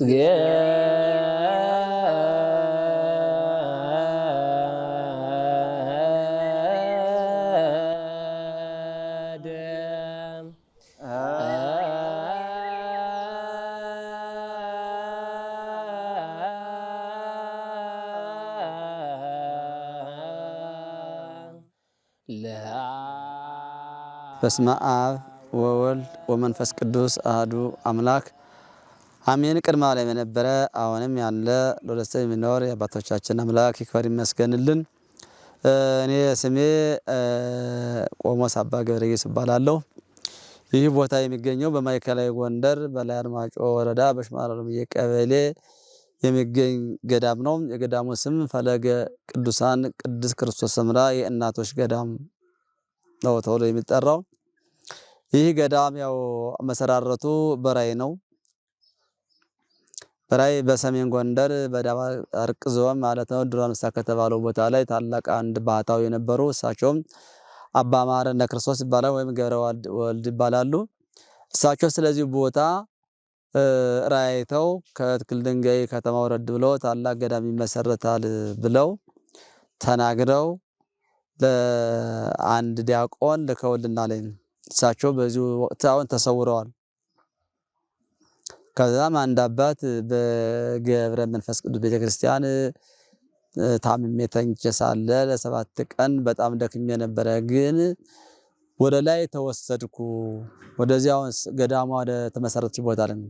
በስመ አብ ወወልድ ወመንፈስ ቅዱስ አህዱ አምላክ አሜን። ቅድመ ዓለም የነበረ አሁንም ያለ ለወደሰ የሚኖር የአባቶቻችን አምላክ ይክበር ይመስገንልን። እኔ ስሜ ቆሞስ አባ ገብረ እባላለሁ። ይህ ቦታ የሚገኘው በማዕከላዊ ጎንደር በላይ አርማጮ ወረዳ በሽማሮምዬ ቀበሌ የሚገኝ ገዳም ነው። የገዳሙ ስም ፈለገ ቅዱሳን ቅድስት ክርስቶስ ሰምራ የእናቶች ገዳም ነው ተብሎ የሚጠራው። ይህ ገዳም ያው መሰራረቱ በራይ ነው። በራይ በሰሜን ጎንደር በዳባ አርቅ ዞን ማለት ነው ድሮ አንበሳ ከተባለው ቦታ ላይ ታላቅ አንድ ባህታዊ የነበሩ እሳቸውም አባ ማረ እንደ ክርስቶስ ይባላል ወይም ገብረ ወልድ ይባላሉ። እሳቸው ስለዚህ ቦታ ራይተው ከትክል ድንጋይ ከተማ ወረድ ብለው ታላቅ ገዳም ይመሰረታል ብለው ተናግረው ለአንድ ዲያቆን ልከውልናል። እሳቸው በዚሁ ወቅት አሁን ተሰውረዋል። ከዛም አንድ አባት በገብረ መንፈስ ቅዱስ ቤተክርስቲያን ታምሜ ተኝቼ ሳለ ለሰባት ቀን በጣም ደክሜ ነበረ። ግን ወደ ላይ ተወሰድኩ። ወደዚያው ገዳማ ወደ ተመሰረተች ቦታ ላይ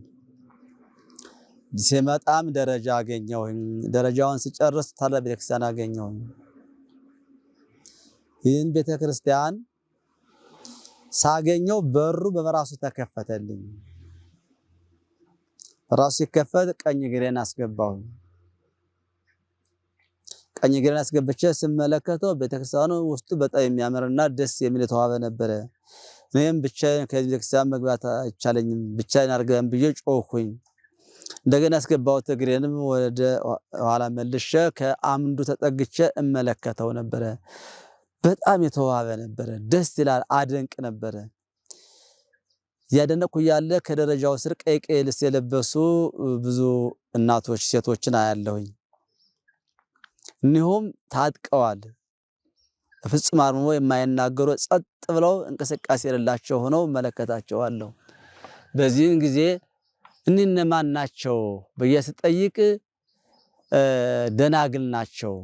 ሲመጣም ደረጃ አገኘሁኝ። ደረጃውን ስጨርስ ታለ ቤተክርስቲያን አገኘሁኝ። ይህን ቤተክርስቲያን ሳገኘው በሩ በመራሱ ተከፈተልኝ። ራሱ ሲከፈት ቀኝ እግሬን አስገባው። ቀኝ እግሬን አስገብቼ ስመለከተው ቤተክርስቲያኑ ውስጡ በጣም የሚያምርና ደስ የሚል የተዋበ ነበረ። እኔም ብቻዬን ከዚህ ቤተክርስቲያን መግባት አይቻለኝም ብቻዬን አድርገን ብዬ ጮኩኝ። እንደገና ያስገባሁት እግሬንም ወደ ኋላ መልሼ ከአምዱ ተጠግቼ እመለከተው ነበረ። በጣም የተዋበ ነበረ፣ ደስ ይላል፣ አደንቅ ነበረ። እያደነቅኩ እያለ ከደረጃው ስር ቀይ ቀይ ልብስ የለበሱ ብዙ እናቶች ሴቶችን አያለሁኝ። እኒሁም ታጥቀዋል። ፍጹም አርምሞ የማይናገሩ ጸጥ ብለው እንቅስቃሴ የሌላቸው ሆነው እመለከታቸዋለሁ። በዚህን ጊዜ እኒህ እነማን ናቸው ብዬ ስጠይቅ ደናግል ናቸው፣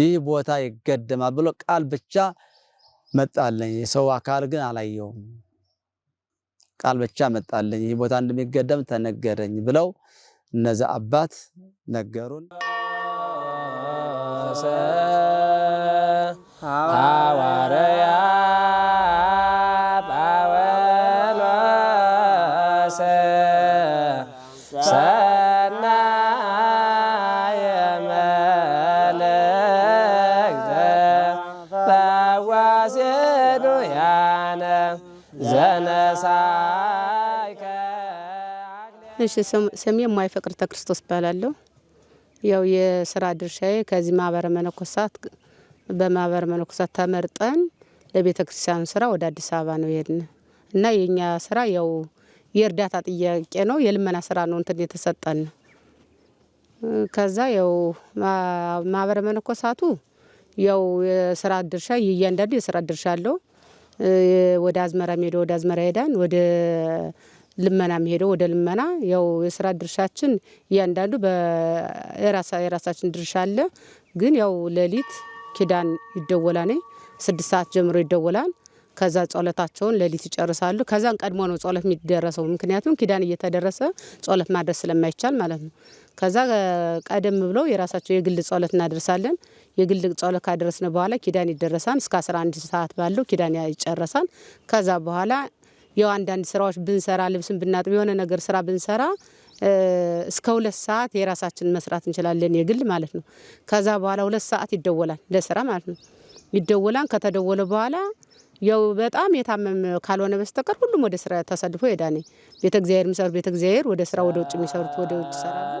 ይህ ቦታ ይገደማል ብሎ ቃል ብቻ መጣለኝ። የሰው አካል ግን አላየውም። ቃል ብቻ መጣልኝ፣ ይህ ቦታ እንደሚገደም ተነገረኝ ብለው እነዛ አባት ነገሩን። ሐዋርያ እሺ ስሜ የማይፈቅርተ ተክርስቶስ እባላለሁ። ያው የስራ ድርሻዬ ከዚህ ማህበረ መነኮሳት በማህበረ መነኮሳት ተመርጠን ለቤተ ክርስቲያኑ ስራ ወደ አዲስ አበባ ነው የሄድን እና የእኛ ስራ ያው የእርዳታ ጥያቄ ነው፣ የልመና ስራ ነው እንትን የተሰጠን። ከዛ ያው ማህበረ መነኮሳቱ ያው የስራ ድርሻ እያንዳንዱ የስራ ድርሻ አለው። ወደ አዝመራ ሜዳ ወደ አዝመራ ሄዳን ወደ ልመና የሚሄደው ወደ ልመና ያው የስራ ድርሻችን እያንዳንዱ የራሳችን ድርሻ አለ። ግን ያው ሌሊት ኪዳን ይደወላል። ስድስት ሰዓት ጀምሮ ይደወላል። ከዛ ጸሎታቸውን ሌሊት ይጨርሳሉ። ከዛን ቀድሞ ነው ጸሎት የሚደረሰው፣ ምክንያቱም ኪዳን እየተደረሰ ጸሎት ማድረስ ስለማይቻል ማለት ነው። ከዛ ቀደም ብለው የራሳቸው የግል ጸሎት እናደርሳለን። የግል ጸሎት ካደረስን በኋላ ኪዳን ይደረሳል። እስከ 11 ሰዓት ባለው ኪዳን ይጨረሳል። ከዛ በኋላ ያው አንዳንድ ስራዎች ብንሰራ ልብስን ብናጥብ የሆነ ነገር ስራ ብንሰራ እስከ ሁለት ሰዓት የራሳችን መስራት እንችላለን፣ የግል ማለት ነው። ከዛ በኋላ ሁለት ሰዓት ይደወላል ለስራ ማለት ነው። ይደወላል። ከተደወለ በኋላ ያው በጣም የታመመ ካልሆነ በስተቀር ሁሉም ወደ ስራ ተሰልፎ ሄዳኔ ቤተ እግዚአብሔር የሚሰሩ ቤተ እግዚአብሔር ወደ ስራ ወደ ውጭ የሚሰሩት ወደ ውጭ ይሰራሉ።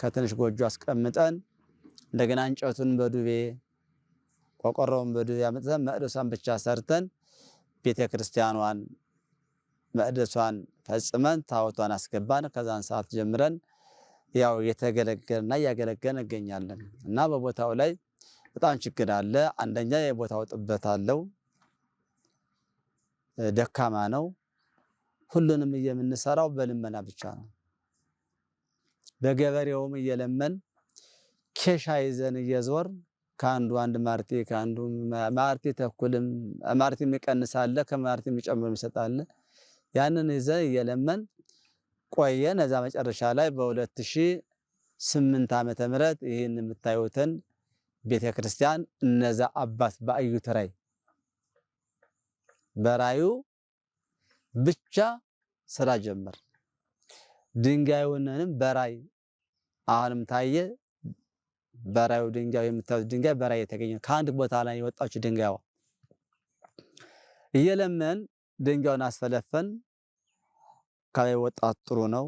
ከትንሽ ጎጆ አስቀምጠን እንደገና እንጨቱን በዱቤ ቆቆሮውን በዱቤ አምጥተን መቅደሷን ብቻ ሰርተን ቤተ ክርስቲያኗን መቅደሷን ፈጽመን ታቦቷን አስገባን። ከዛን ሰዓት ጀምረን ያው የተገለገልንና እያገለገልን እንገኛለን እና በቦታው ላይ በጣም ችግር አለ። አንደኛ የቦታው ጥበት አለው፣ ደካማ ነው። ሁሉንም የምንሰራው በልመና ብቻ ነው። በገበሬውም እየለመን ኬሻ ይዘን እየዞር ከአንዱ አንድ ማርቲ ከአንዱ ማርቲ ተኩልም ማርቲ የሚቀንሳለ ከማርቲ የሚጨምር ይሰጣለ። ያንን ይዘን እየለመን ቆየን። እዛ መጨረሻ ላይ በ2008 ዓመተ ምህረት ይህን የምታዩትን ቤተ ክርስቲያን እነዛ አባት በአዩት ራይ በራዩ ብቻ ስራ ጀመር። ድንጋዩንንም በራይ አሁንም ታየ በራዩ ድንጋይ የምታዩት ድንጋይ በራይ የተገኘ ከአንድ ቦታ ላይ የወጣች ድንጋይ እየለመን ድንጋዩን አስፈለፈን ከላይ ወጣ ጥሩ ነው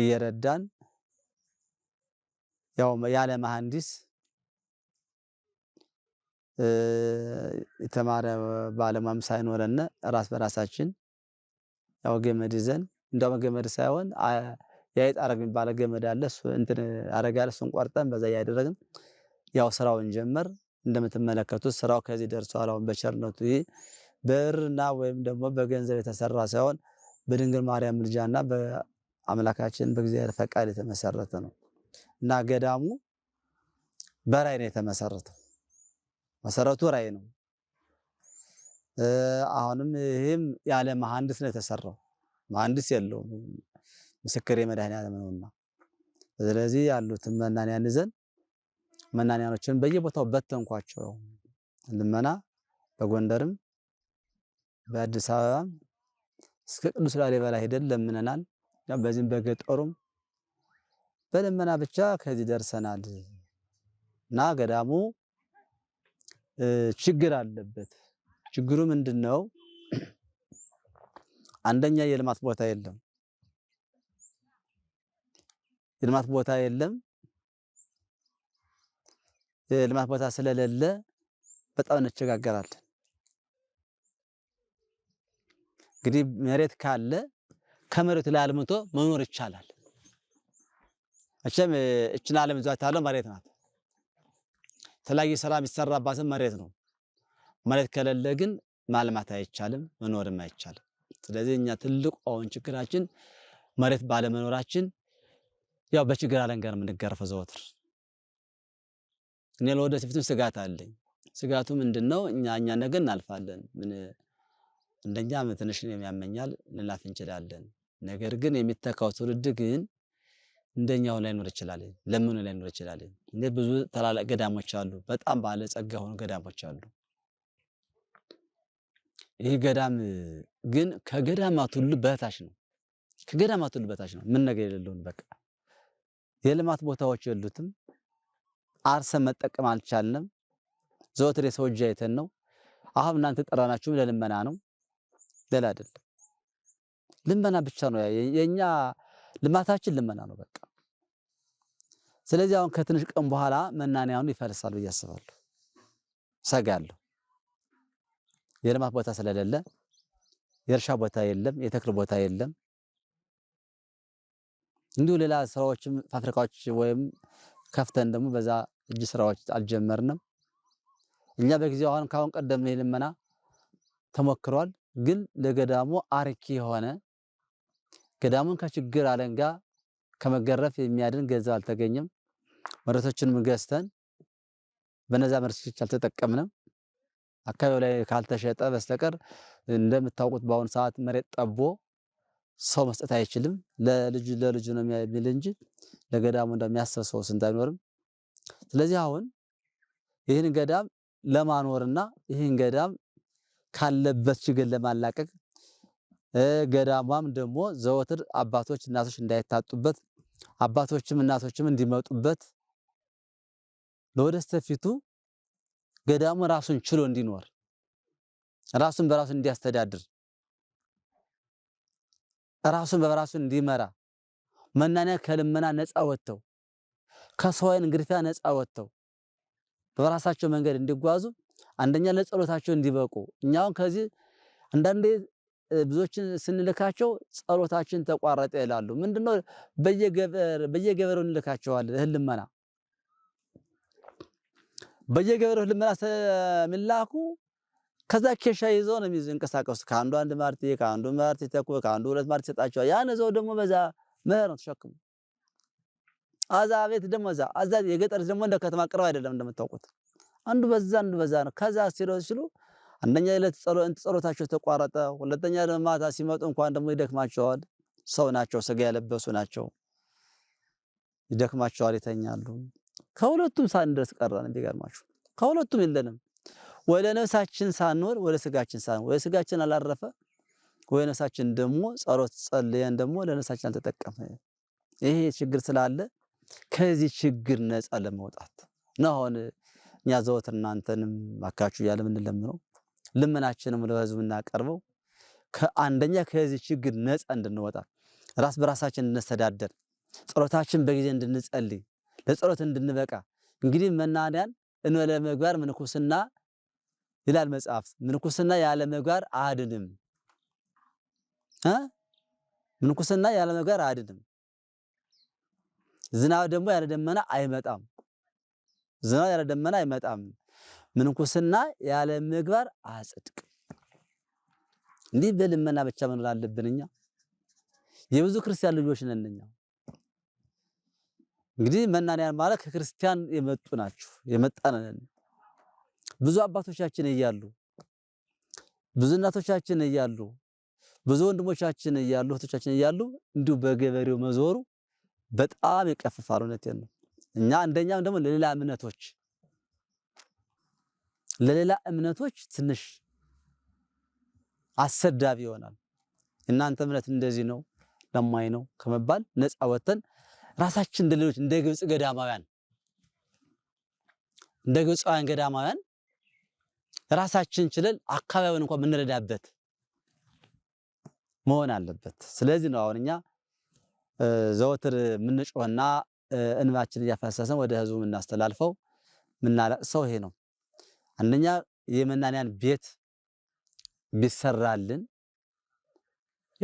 እየረዳን ያው ያለ መሐንዲስ የተማረ ባለሙያም ሳይኖረን ራስ በራሳችን ያው ገመድ ይዘን እንደውም ገመድ ሳይሆን አረግ የሚባል ገመድ አለ። እሱ እንትን አረጋል። እሱን ቆርጠን በዛ እያደረግን ያው ስራውን ጀመር። እንደምትመለከቱት ስራው ከዚህ ደርሷል። አሁን በቸርነቱ ይህ በእርና ወይም ደግሞ በገንዘብ የተሰራ ሳይሆን በድንግል ማርያም ምልጃና በአምላካችን በእግዚአብሔር ፈቃድ የተመሰረተ ነው እና ገዳሙ በራይ ነው የተመሰረተው። መሰረቱ ራይ ነው። አሁንም ይህም ያለ መሐንዲስ ነው የተሰራው። መሐንዲስ የለውም። ምስክር መድኃኒዓለም ነውና፣ ስለዚህ ያሉትን መናንያን ይዘን መናንያኖችን በየቦታው በተንኳቸው። ልመና በጎንደርም በአዲስ አበባም እስከ ቅዱስ ላሊበላ ሄደን ለምነናል። በዚህም በገጠሩም በልመና ብቻ ከዚህ ደርሰናል እና ገዳሙ ችግር አለበት። ችግሩ ምንድን ነው? አንደኛ የልማት ቦታ የለም። የልማት ቦታ የለም። የልማት ቦታ ስለሌለ በጣም እንቸጋገራለን። እንግዲህ መሬት ካለ ከመሬት ላይ አልምቶ መኖር ይቻላል። መቼም እችን ዓለም ይዟት ያለው መሬት ናት። የተለያየ ስራ የሚሰራባትም መሬት ነው። መሬት ከሌለ ግን ማልማት አይቻልም፣ መኖርም አይቻልም። ስለዚህ እኛ ትልቁ አሁን ችግራችን መሬት ባለመኖራችን ያው በችግር አለንጋ ነው የምንጋረፈው ዘወትር። እኔ ለወደፊቱም ስጋት አለኝ። ስጋቱ ምንድነው? ነው? እኛ እኛ ነገ እናልፋለን። ምን እንደኛ ትንሽ የሚያመኛል ልናልፍ እንችላለን። ነገር ግን የሚተካው ትውልድ ግን እንደኛው ሆኖ ላይኖር ይችላል፣ ለምኑ ላይኖር ይችላል። እኔ ብዙ ታላላቅ ገዳሞች አሉ፣ በጣም ባለ ጸጋ ሆኑ ገዳሞች አሉ። ይህ ገዳም ግን ከገዳማት ሁሉ በታች ነው፣ ከገዳማት ሁሉ በታች ነው። ምን ነገር የሌለውን በቃ የልማት ቦታዎች የሉትም። አርሰን መጠቀም አልቻልንም። ዘወትር የሰው እጅ አይተን ነው። አሁን እናንተ ጠራናችሁም ለልመና ነው፣ ሌላ አይደለም። ልመና ብቻ ነው የኛ ልማታችን፣ ልመና ነው በቃ። ስለዚህ አሁን ከትንሽ ቀን በኋላ መናንያኑ ይፈልሳል ብዬ አስባለሁ፣ ሰጋለሁ። የልማት ቦታ ስለሌለ የእርሻ ቦታ የለም፣ የተክል ቦታ የለም። እንዲሁ ሌላ ስራዎችም ፋብሪካዎች ወይም ከፍተን ደግሞ በዛ እጅ ስራዎች አልጀመርንም። እኛ በጊዜው አሁን ካሁን ቀደም ልመና ተሞክሯል፣ ግን ለገዳሙ አርኪ የሆነ ገዳሙን ከችግር አለንጋ ከመገረፍ የሚያድን ገንዘብ አልተገኘም። መሬቶችንም ገዝተን በነዛ መሬቶች አልተጠቀምንም። አካባቢው ላይ ካልተሸጠ በስተቀር እንደምታውቁት በአሁኑ ሰዓት መሬት ጠቦ ሰው መስጠት አይችልም። ለልጁ ለልጁ ነው የሚል እንጂ ለገዳሙ እንደሚያስብ ሰው ስንት አይኖርም። ስለዚህ አሁን ይህን ገዳም ለማኖርና ይህን ገዳም ካለበት ችግር ለማላቀቅ ገዳሟም ደግሞ ዘወትር አባቶች እናቶች እንዳይታጡበት አባቶችም እናቶችም እንዲመጡበት ለወደስተፊቱ ገዳሙ ራሱን ችሎ እንዲኖር ራሱን በራሱ እንዲያስተዳድር ራሱን በራሱ እንዲመራ መናንያ ከልመና ነፃ ወጥተው ከሰውን ግርፊያ ነፃ ወጥተው በራሳቸው መንገድ እንዲጓዙ አንደኛ ለጸሎታቸው እንዲበቁ እኛውን ከዚህ አንዳንዴ ብዙዎችን ስንልካቸው ጸሎታችን ተቋረጠ ይላሉ። ምንድነው? በየገበሩ እንልካቸዋለን ህልመና ልመና በየገበሬው ስለሚላኩ ከዛ ኬሻ ይዘው ነው የሚዝ እንቀሳቀሱ ከአንዱ አንድ ማርቲ ከአንዱ ማርቲ ተኩ ከአንዱ ሁለት ማርቲ ይሰጣቸዋል። ያን እዛው ደግሞ በዛ መኸር ነው ተሸክሙ። አዛ ቤት ደግሞ እዛ አዛ የገጠር ደግሞ እንደ ከተማ ቅርብ አይደለም እንደምታውቁት፣ አንዱ በዛ አንዱ በዛ ነው። ከዛ ሲሎ ሲሉ አንደኛ ዕለት ጸሎታቸው ተቋረጠ። ሁለተኛ ደግሞ ማታ ሲመጡ እንኳን ደግሞ ይደክማቸዋል። ሰው ናቸው፣ ስጋ ያለበሱ ናቸው። ይደክማቸዋል፣ ይተኛሉ። ከሁለቱም ሳንደርስ ቀረን። ቢገርማችሁ ከሁለቱም የለንም። ወደ ነፍሳችን ሳንኖር ወደ ስጋችን ሳንኖር ወደ ስጋችን አላረፈ ወደ ነፍሳችን ደግሞ ጸሎት ጸልየን ደግሞ ለነፍሳችን አልተጠቀምን። ይሄ ችግር ስላለ ከዚህ ችግር ነፃ ለመውጣት ነው አሁን እኛ ዘወትር እናንተንም እባካችሁ እያለ የምንለምነው ልመናችንም ለህዝብ እናቀርበው ከአንደኛ ከዚህ ችግር ነፃ እንድንወጣ ራስ በራሳችን እንድንስተዳደር ጸሎታችን በጊዜ እንድንጸልይ ለጸሎት እንድንበቃ እንግዲህ መናንያን እንበለ ምግባር ምንኩስና ይላል መጽሐፍ። ምንኩስና ያለ ምግባር አድንም እ ምንኩስና ያለ ምግባር አድንም። ዝናብ ደግሞ ያለ ደመና አይመጣም። ዝናብ ያለ ደመና አይመጣም። ምንኩስና ያለ ምግባር አጽድቅ። እንዲህ በልመና ብቻ መኖር አለብን እኛ የብዙ ክርስቲያን ልጆች ነንኛ። እንግዲህ መናንያን ማለት ከክርስቲያን የመጡ ናችሁ ብዙ አባቶቻችን እያሉ ብዙ እናቶቻችን እያሉ ብዙ ወንድሞቻችን እያሉ እህቶቻችን እያሉ እንዲሁ በገበሬው መዞሩ በጣም ይቀፍፋል። እውነቴን ነው። እኛ እንደኛም ደግሞ ለሌላ እምነቶች ለሌላ እምነቶች ትንሽ አሰዳቢ ይሆናል። እናንተ እምነት እንደዚህ ነው ለማይ ነው ከመባል ነፃ ወተን ራሳችን እንደሌሎች እንደ ግብጽ ገዳማውያን እንደ ግብጻውያን ገዳማውያን ራሳችን ችለን አካባቢውን እንኳን የምንረዳበት መሆን አለበት። ስለዚህ ነው አሁን እኛ ዘወትር የምንጮህና እንባችን እያፈሰሰን ወደ ህዝቡ የምናስተላልፈው የምናለቅሰው ይሄ ነው። አንደኛ የመናንያን ቤት ቢሰራልን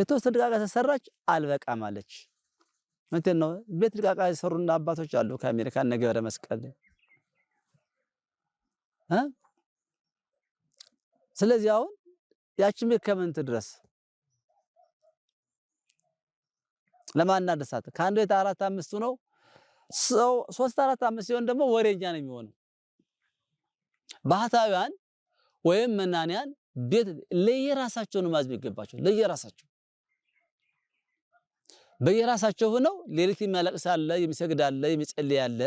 የተወሰነ ድቃቃ ተሰራች አልበቃም አለች። እንትን ነው ቤት ድቃቃ የሰሩና አባቶች አሉ ከአሜሪካ እነ ገብረ መስቀል ስለዚህ አሁን ያችን ቤት ከምን ትድረስ? ለማናደሳት ከአንድ ቤት አራት አምስቱ ነው ሰው ሶስት አራት አምስት ሲሆን ደግሞ ወሬኛ ነው የሚሆነው። ባህታውያን ወይም መናንያን ቤት ለየራሳቸው ነው ማዝም ይገባቸው። ለየራሳቸው በየራሳቸው ሆነው ሌሊት የሚያለቅስ አለ፣ የሚሰግድ አለ፣ የሚጸልይ አለ።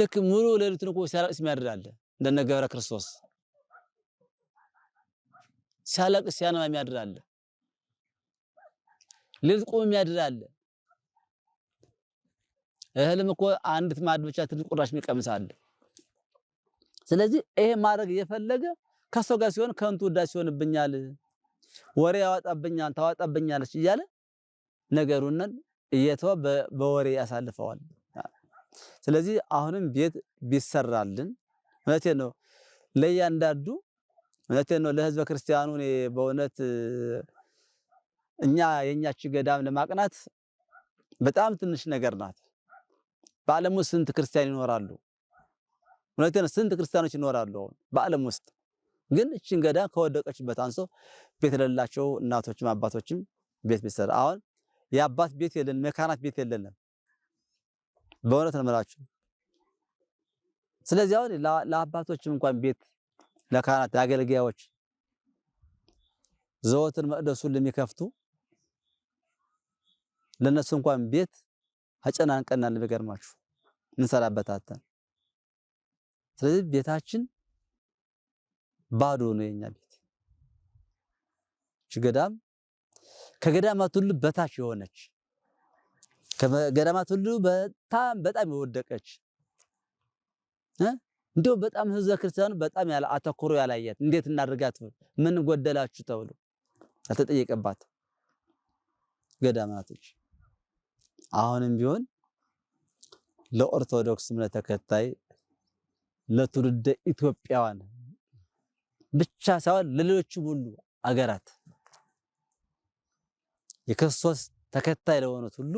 ልክ ሙሉ ሌሊቱን እኮ ሲያለቅስ የሚያድር አለ እንደነ ገብረ ክርስቶስ ሲያለቅስ ሲያነባ የሚያድራለ ሌሊት ቆሞ የሚያድራለ እህልም እኮ አንዲት ማድ ብቻ ትንሽ ቁራሽ የሚቀምሳለ። ስለዚህ ይሄ ማድረግ እየፈለገ ከሰው ጋር ሲሆን ከንቱ ውዳሴ ይሆንብኛል፣ ወሬ ያወጣብኛል፣ ታወጣብኛለች እያለ ነገሩን እየተወ በወሬ ያሳልፈዋል። ስለዚህ አሁንም ቤት ቢሰራልን እውነቴ ነው ለእያንዳንዱ እውነቴን ነው። ለህዝበ ክርስቲያኑ በእውነት እኛ የእኛች ገዳም ለማቅናት በጣም ትንሽ ነገር ናት። በዓለም ውስጥ ስንት ክርስቲያን ይኖራሉ? እውነቴን ነው። ስንት ክርስቲያኖች ይኖራሉ አሁን በዓለም ውስጥ? ግን እችን ገዳም ከወደቀችበት አንሶ ቤት ለሌላቸው እናቶችም አባቶችም ቤት ቢሰራ አሁን የአባት ቤት የለን የካህናት ቤት የለንም። በእውነት ነው የምላችሁ። ስለዚህ አሁን ለአባቶችም እንኳን ቤት ለካህናት አገልጋዮች ዘወትር መቅደሱን ለሚከፍቱ ለነሱ እንኳን ቤት አጨናንቀናል። ቢገርማችሁ እንሰራበታተን ስለዚህ ቤታችን ባዶ ነው። የኛ ቤት ገዳም ከገዳማት ሁሉ በታች የሆነች ከገዳማት ሁሉ በጣም በጣም የወደቀች እንዲሁም በጣም ህዝበ ክርስቲያኑ በጣም ያለ አተኩሮ ያላያት እንዴት እናድርጋት ምን ጎደላችሁ ተብሎ አልተጠየቀባት ገዳማቶች አሁንም ቢሆን ለኦርቶዶክስ እምነት ተከታይ ለትውልደ ኢትዮጵያውያን ብቻ ሳይሆን ለሌሎችም ሁሉ አገራት የክርስቶስ ተከታይ ለሆኑት ሁሉ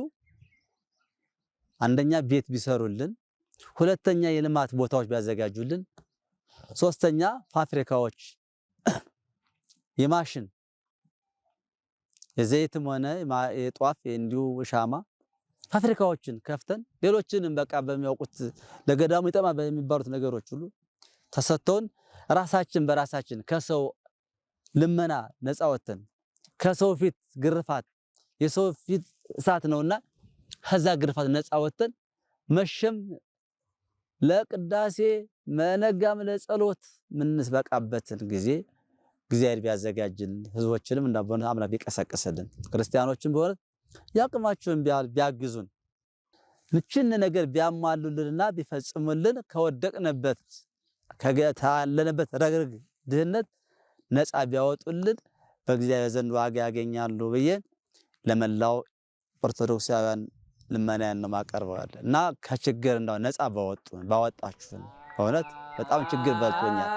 አንደኛ ቤት ቢሰሩልን ሁለተኛ የልማት ቦታዎች ቢያዘጋጁልን፣ ሶስተኛ ፋብሪካዎች የማሽን የዘይትም ሆነ የጧፍ እንዲሁ ሻማ ፋብሪካዎችን ከፍተን ሌሎችንም በቃ በሚያውቁት ለገዳሙ ይጠማ በሚባሉት ነገሮች ሁሉ ተሰጥቶን ራሳችን በራሳችን ከሰው ልመና ነፃ ወጥተን ከሰው ፊት ግርፋት የሰው ፊት እሳት ነውና ከዛ ግርፋት ነፃ ወጥተን መሸም ለቅዳሴ መነጋም ለጸሎት ምንስበቃበትን ጊዜ እግዚአብሔር ቢያዘጋጅልን ህዝቦችንም እንዳቦነ አምላክ ቢቀሰቅስልን ክርስቲያኖችን በሆነ ያቅማቸውን ቢያግዙን ምችን ነገር ቢያሟሉልንና ቢፈጽሙልን ከወደቅንበት ከታለንበት ረግርግ ድህነት ነፃ ቢያወጡልን በእግዚአብሔር ዘንድ ዋጋ ያገኛሉ ብዬ ለመላው ኦርቶዶክሳውያን ልመናያን ነው ማቀርበዋል እና ከችግር እንደ ነፃ በወጡ ባወጣችሁን በእውነት በጣም ችግር በልቶኛል።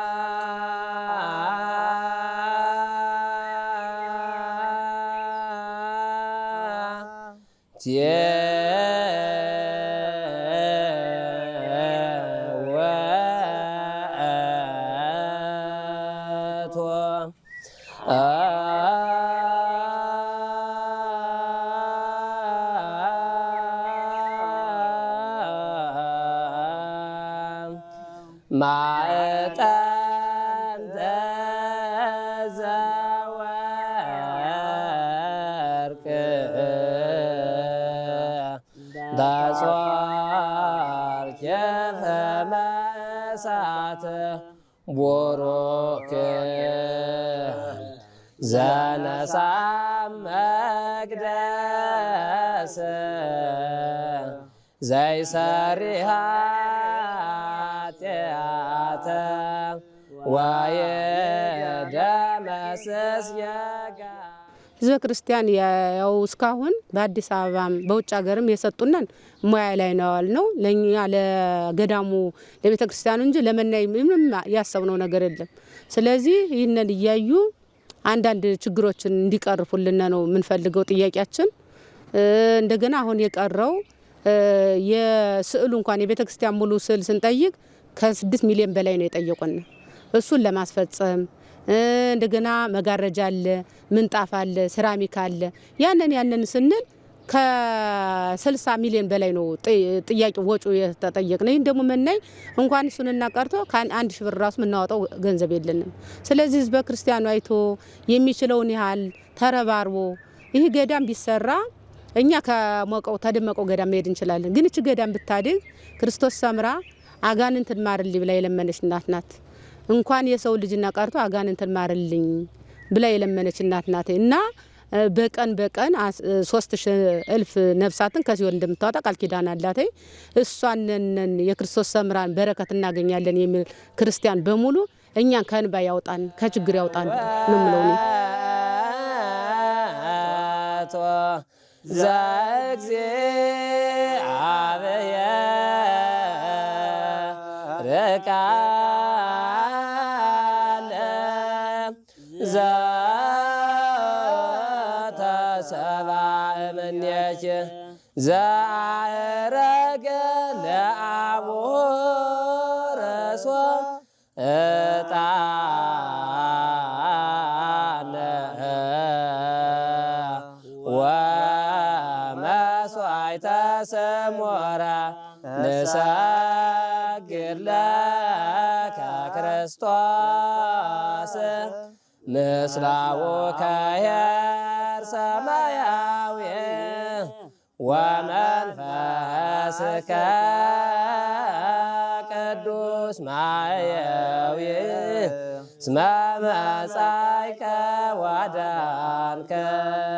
Yeah. ይትረክብ ዘነሳ መቅደስ ዘይሰሪሃ ኃጢአተ ወይደመስስ የጋ ህዝበ ክርስቲያን ያው እስካሁን በአዲስ አበባም በውጭ ሀገርም የሰጡነን ሙያ ላይ ነው ያልነው። ለእኛ ለገዳሙ ለቤተ ክርስቲያኑ እንጂ ለመናይ ምንም ያሰብነው ነገር የለም። ስለዚህ ይህንን እያዩ አንዳንድ ችግሮችን እንዲቀርፉልን ነው የምንፈልገው ጥያቄያችን። እንደገና አሁን የቀረው የስዕሉ እንኳን የቤተ ክርስቲያን ሙሉ ስዕል ስንጠይቅ ከስድስት ሚሊዮን በላይ ነው የጠየቁን። እሱን ለማስፈጸም እንደገና መጋረጃ አለ፣ ምንጣፍ አለ፣ ሴራሚክ አለ። ያንን ያንን ስንል ከስልሳ ሚሊዮን በላይ ነው ጥያቄ ወጪ የተጠየቅ ነው። ይህን ደግሞ መናይ እንኳን እሱን እናቀርቶ አንድ ሺ ብር ራሱ የምናወጣው ገንዘብ የለንም። ስለዚህ ህዝበ ክርስቲያኑ አይቶ የሚችለውን ያህል ተረባርቦ ይህ ገዳም ቢሰራ እኛ ከሞቀው ተደመቀው ገዳም መሄድ እንችላለን። ግን እች ገዳም ብታድግ ክርስቶስ ሰምራ አጋንንትን ማርልኝ ብላ የለመነች እናት ናት። እንኳን የሰው ልጅና ቀርቶ አጋንንትን ማርልኝ ብላ የለመነች እናት ናት እና በቀን በቀን ሶስት ሺህ እልፍ ነፍሳትን ከሲኦል እንደምታወጣ ቃል ኪዳን አላተይ እሷነነን የክርስቶስ ሰምራን በረከት እናገኛለን የሚል ክርስቲያን በሙሉ እኛን ከእንባ ያውጣን፣ ከችግር ያውጣን ነው ምለው ዛግዜ ذا ቅዱስ ማየዊ ስመ መጻእከ ወአዳንከ